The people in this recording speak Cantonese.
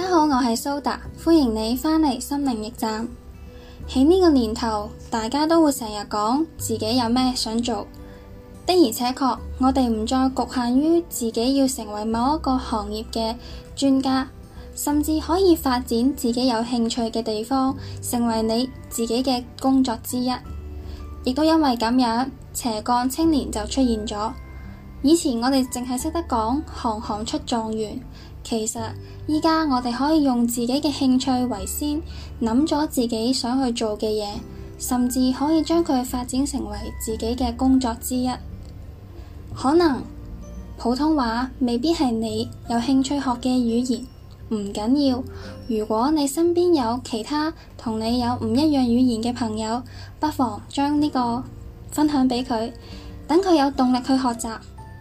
大家好，我係蘇達，歡迎你返嚟心靈驛站。喺呢個年頭，大家都會成日講自己有咩想做，的而且確，我哋唔再局限於自己要成為某一個行業嘅專家，甚至可以發展自己有興趣嘅地方，成為你自己嘅工作之一。亦都因為咁樣，斜槓青年就出現咗。以前我哋淨係識得講行行出狀元。其實而家我哋可以用自己嘅興趣為先，諗咗自己想去做嘅嘢，甚至可以將佢發展成為自己嘅工作之一。可能普通話未必係你有興趣學嘅語言，唔緊要。如果你身邊有其他同你有唔一樣語言嘅朋友，不妨將呢個分享畀佢，等佢有動力去學習。